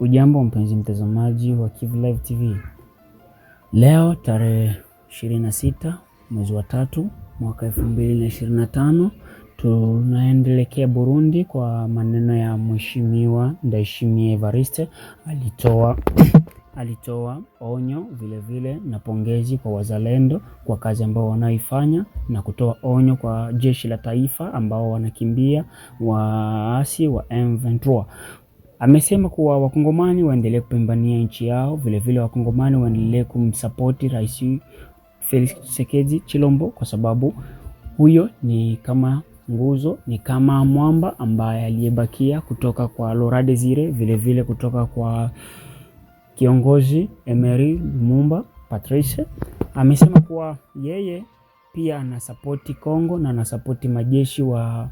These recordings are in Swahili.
Ujambo mpenzi mtazamaji wa Kivu Live TV. Leo tarehe 26 mwezi wa tatu mwaka 2025 tunaendelekea Burundi kwa maneno ya Mheshimiwa Ndayishimiye Evariste alitoa alitoa onyo vilevile vile na pongezi kwa wazalendo kwa kazi ambao wanaoifanya na kutoa onyo kwa jeshi la taifa ambao wanakimbia waasi wa M23. Amesema kuwa wakongomani waendelee kupambania nchi yao, vilevile wakongomani waendelee kumsapoti Rais Felix Tshisekedi Chilombo kwa sababu huyo ni kama nguzo, ni kama mwamba ambaye aliyebakia kutoka kwa Laurent Desire, vilevile kutoka kwa kiongozi Emery Lumumba Patrice. Amesema kuwa yeye pia anasapoti Kongo na anasapoti majeshi wa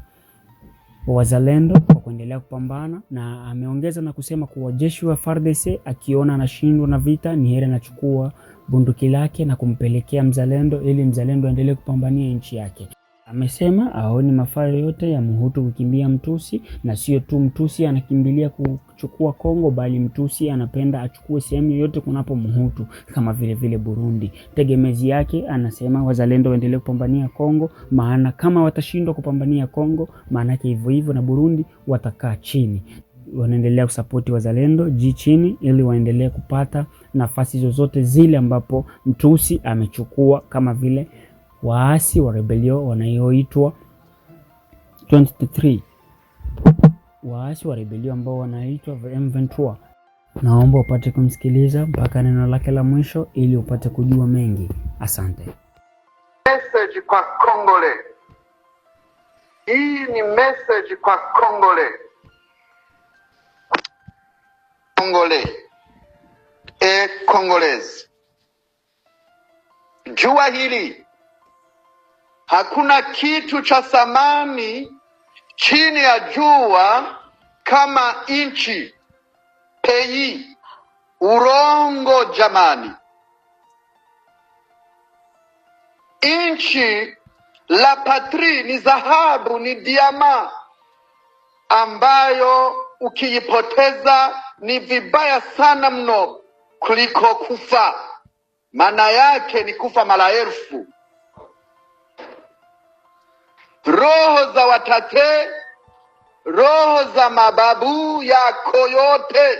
wazalendo kwa kuendelea kupambana, na ameongeza na kusema kuwa jeshi wa FARDC akiona anashindwa na vita ni heri anachukua bunduki lake na kumpelekea mzalendo ili mzalendo aendelee kupambania nchi yake. Amesema aoni mafaa yoyote ya Mhutu kukimbia Mtusi, na sio tu Mtusi anakimbilia kuchukua Kongo, bali Mtusi anapenda achukue sehemu yoyote kunapo Mhutu, kama vile vile Burundi. Tegemezi yake anasema wazalendo waendelee kupambania Kongo, maana kama watashindwa kupambania Kongo, maanake hivyo hivyo na Burundi watakaa chini. Wanaendelea kusapoti wazalendo ji chini, ili waendelee kupata nafasi zozote zile ambapo Mtusi amechukua kama vile waasi wa rebelio wanayoitwa 23 waasi wa rebelio ambao wanaitwa Ventura. Naomba upate kumsikiliza mpaka neno lake la mwisho ili upate kujua mengi. Asante. Message kwa Kongole. Hii ni message kwa Kongole. Kongole. E eh, Kongolese, Jua hili Hakuna kitu cha thamani chini ya jua kama nchi, peyi, urongo jamani. Nchi la patri ni dhahabu, ni diama ambayo ukiipoteza ni vibaya sana mno kuliko kufa. Maana yake ni kufa mara elfu roho za watate, roho za mababu yako yote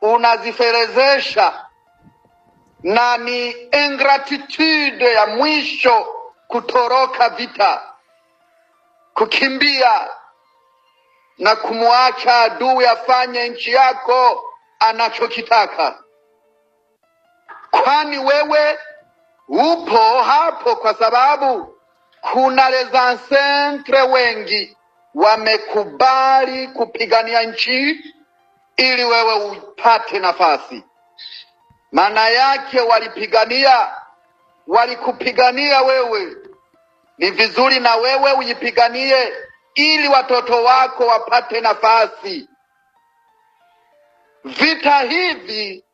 unaziferezesha, na ni ingratitude ya mwisho kutoroka vita, kukimbia na kumwacha adui afanye nchi yako anachokitaka, kwani wewe upo hapo kwa sababu kuna resansentre wengi wamekubali kupigania nchi ili wewe upate nafasi. Maana yake walipigania, walikupigania wewe. Ni vizuri na wewe ujipiganie ili watoto wako wapate nafasi. Vita hivi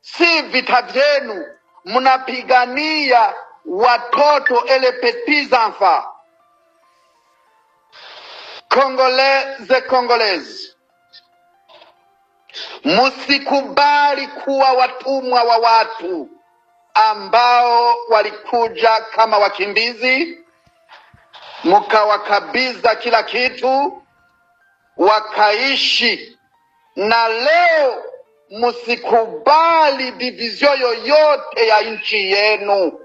si vita vyenu, mnapigania watoto et les petits enfants Congolais et Congolaises, musikubali kuwa watumwa wa watu ambao walikuja kama wakimbizi, mkawakabiza kila kitu, wakaishi na leo musikubali divizio yoyote ya nchi yenu.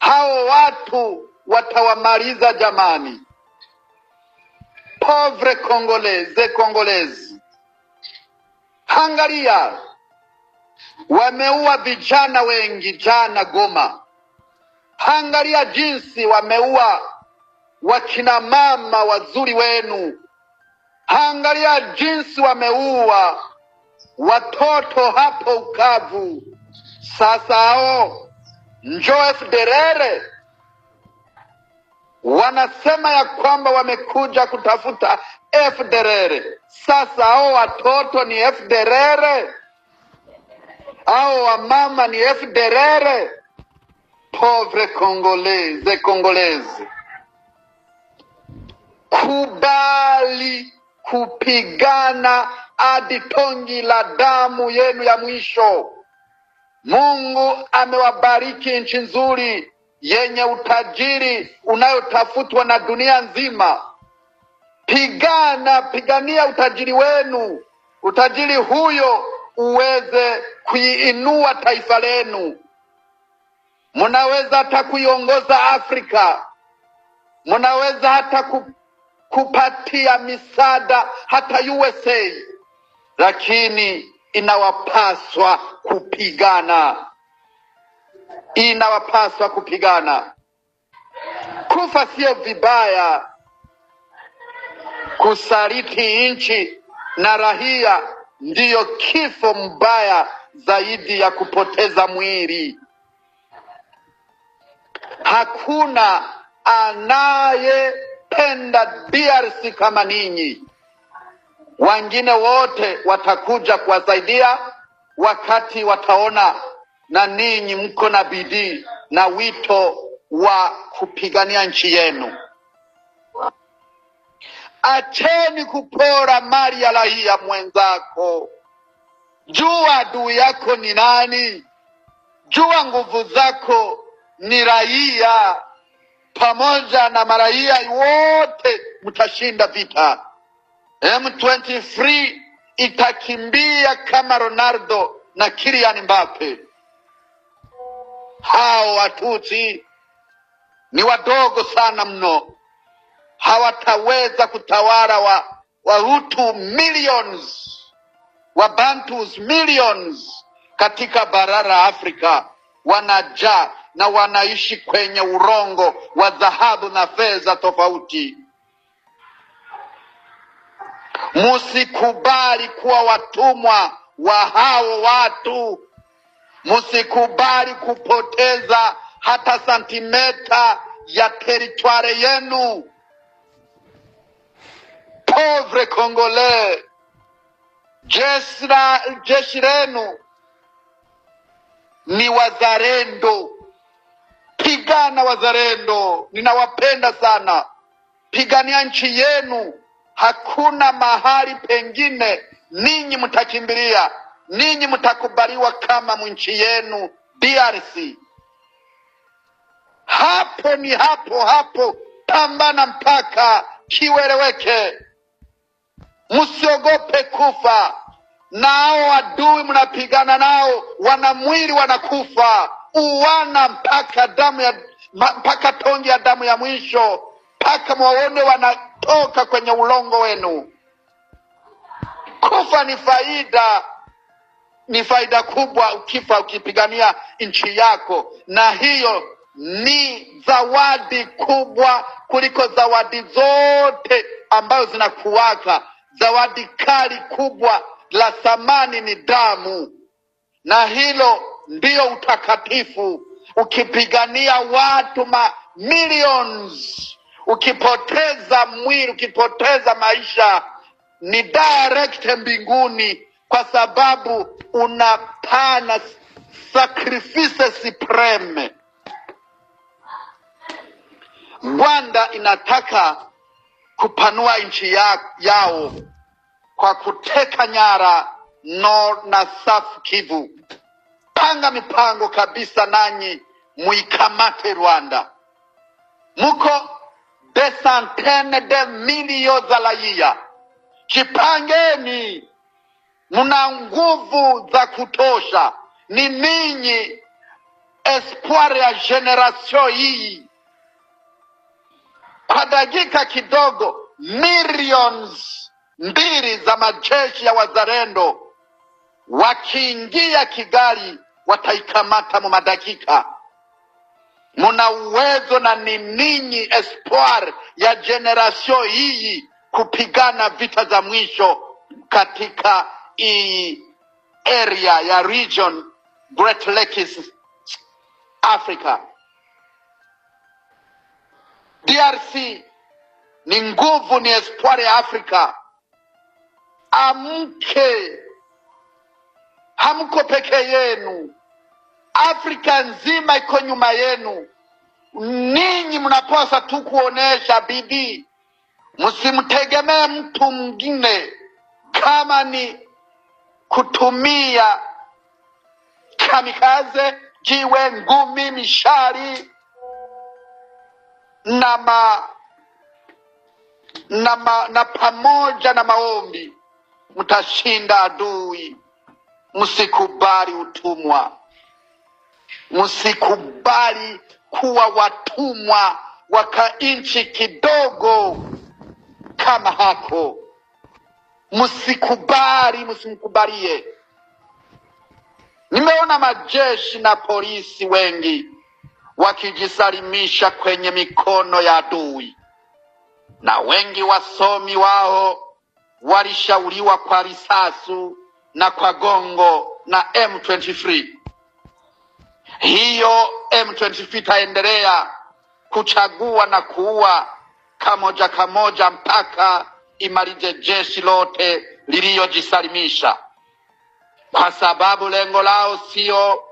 Hao watu watawamaliza jamani. Pauvre Congolese, kongolezi Angalia, wameua vijana wengi jana Goma. Angalia jinsi wameua wakina mama wazuri wenu. Angalia jinsi wameua watoto hapo Ukavu. Sasa hao Joseph Derere wanasema ya kwamba wamekuja kutafuta Derere. Sasa hao watoto ni Derere hao wamama ni Derere? Pauvre Congolaise, Congolaise, kubali kupigana hadi tongi la damu yenu ya mwisho. Mungu amewabariki nchi nzuri yenye utajiri unayotafutwa na dunia nzima. Pigana, pigania utajiri wenu, utajiri huyo uweze kuiinua taifa lenu. Mnaweza hata kuiongoza Afrika, mnaweza hata kupatia misaada hata USA, lakini inawapaswa kupigana, inawapaswa kupigana. Kufa sio vibaya, kusaliti nchi na rahia ndiyo kifo mbaya zaidi ya kupoteza mwili. Hakuna anayependa DRC kama ninyi wengine wote watakuja kuwasaidia wakati wataona na ninyi mko na bidii na wito wa kupigania nchi yenu. Acheni kupora mali ya raia mwenzako. Jua adui yako ni nani, jua nguvu zako ni raia. Pamoja na maraia wote mtashinda vita. M23 itakimbia kama Ronaldo na Kylian Mbappe. Hao watuti ni wadogo sana mno, hawataweza kutawala wa Wahutu millions wa Bantus millions katika bara la Afrika, wanajaa na wanaishi kwenye urongo wa dhahabu na fedha tofauti. Musikubali kuwa watumwa wa hao watu, musikubali kupoteza hata santimeta ya teritware yenu. Pauvre Congolais, jeshi lenu ni wazalendo. Pigana wazalendo, ninawapenda sana. Pigania nchi yenu. Hakuna mahali pengine ninyi mtakimbilia, ninyi mtakubaliwa kama mwinchi yenu DRC. Hapo ni hapo hapo, pambana mpaka kiweleweke, msiogope kufa. Nao adui mnapigana nao, wana mwili wanakufa, uwana mpaka damu ya mpaka tongi ya damu ya mwisho, mpaka mwaone wana kutoka kwenye ulongo wenu. Kufa ni faida, ni faida kubwa ukifa ukipigania nchi yako, na hiyo ni zawadi kubwa kuliko zawadi zote ambazo zinakuwaka. Zawadi kali kubwa la thamani ni damu, na hilo ndiyo utakatifu. Ukipigania watu ma millions ukipoteza mwili, ukipoteza maisha ni direct mbinguni, kwa sababu unapana sacrifice supreme. Rwanda inataka kupanua nchi ya, yao kwa kuteka nyara no na safu Kivu. Panga mipango kabisa, nanyi muikamate Rwanda, muko des centaines de millions za raia. Jipangeni, mna nguvu za kutosha, ni ninyi espoir ya generation hii. Kwa dakika kidogo, millions mbili za majeshi ya wazalendo wakiingia Kigali wataikamata mu madakika mna uwezo na ni ninyi espoir ya generation hii kupigana vita za mwisho katika hii area ya region Great Lakes Africa. DRC ni nguvu, ni espoir ya Afrika. Amke, hamko peke yenu, Afrika nzima iko nyuma yenu. Ninyi mnapasa tu kuonesha bidii, msimtegemee mtu mwingine. Kama ni kutumia kamikaze, jiwe, ngumi, mishari na, ma, na, ma, na pamoja na maombi mtashinda adui. Msikubali utumwa, msikubali kuwa watumwa wakainchi kidogo kama hako. Msikubali, msimkubalie. Nimeona majeshi na polisi wengi wakijisalimisha kwenye mikono ya adui, na wengi wasomi wao walishauriwa kwa risasu na kwa gongo na M23. Hiyo M23 itaendelea kuchagua na kuua kamoja kamoja mpaka imalize jeshi lote liliyojisalimisha, kwa sababu lengo lao sio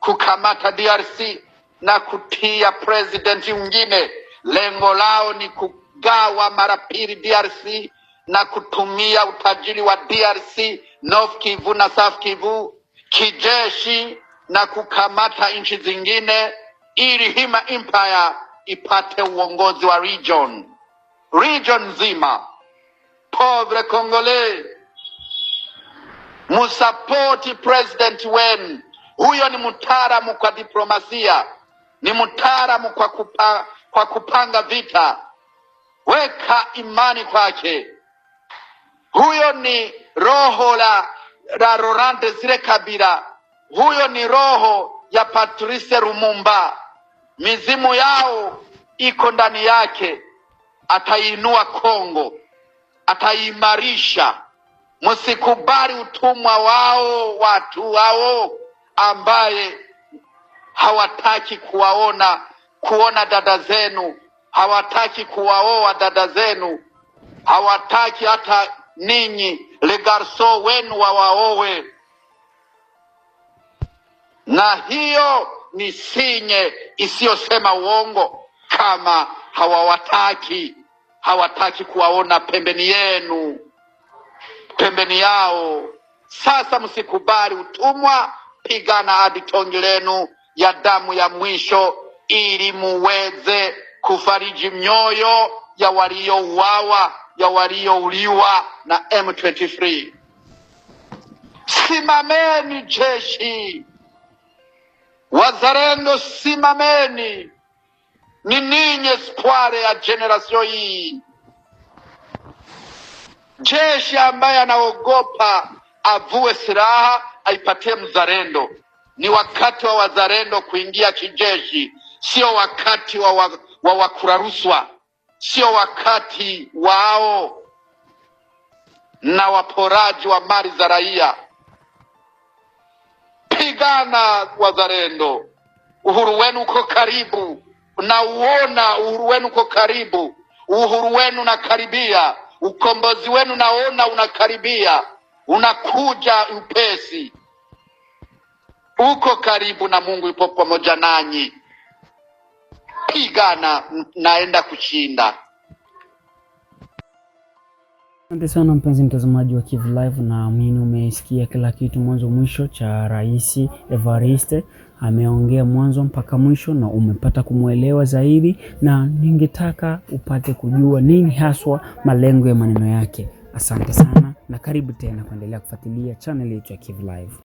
kukamata DRC na kutia presidenti mwingine. Lengo lao ni kugawa mara pili DRC na kutumia utajiri wa DRC North Kivu na South Kivu kijeshi na kukamata nchi zingine ili Hima Empire ipate uongozi wa region region nzima. Pauvre Congolais, musapoti president wenu. Huyo ni mtaalamu kwa diplomasia, ni mtaalamu kwa, kupa, kwa kupanga vita. Weka imani kwake. Huyo ni roho la, la Laurent Desire Kabila huyo ni roho ya Patrice Lumumba, mizimu yao iko ndani yake. Ataiinua Kongo, ataiimarisha. Msikubali utumwa wao watu wao ambaye hawataki kuwaona kuona dada zenu, hawataki kuwaoa dada zenu, hawataki hata ninyi legarso wenu wawaowe na hiyo ni sinye isiyosema uongo. Kama hawawataki hawataki kuwaona pembeni yenu, pembeni yao. Sasa msikubali utumwa, pigana hadi tongi lenu ya damu ya mwisho, ili muweze kufariji mioyo ya waliouawa, ya waliouliwa na M23. Simameni jeshi Wazalendo, simameni, ni ninyi espoire ya generasio hii. Jeshi ambaye anaogopa avue silaha aipatie mzalendo. Ni wakati wa wazalendo kuingia kijeshi, sio wakati wa, wa, wa wakuraruswa, sio wakati wao na waporaji wa mali za raia vijana wazalendo, uhuru wenu uko karibu, na uona uhuru wenu uko karibu, uhuru wenu unakaribia, ukombozi wenu naona unakaribia, unakuja upesi, uko karibu na Mungu yupo pamoja nanyi. Pigana, naenda kushinda. Asante sana mpenzi mtazamaji wa Kivu Live, na mimi umesikia kila kitu mwanzo mwisho cha Rais Evariste. Ameongea mwanzo mpaka mwisho na umepata kumwelewa zaidi, na ningetaka upate kujua nini haswa malengo ya maneno yake. Asante sana na karibu tena kuendelea kufuatilia channel yetu ya Kivu Live.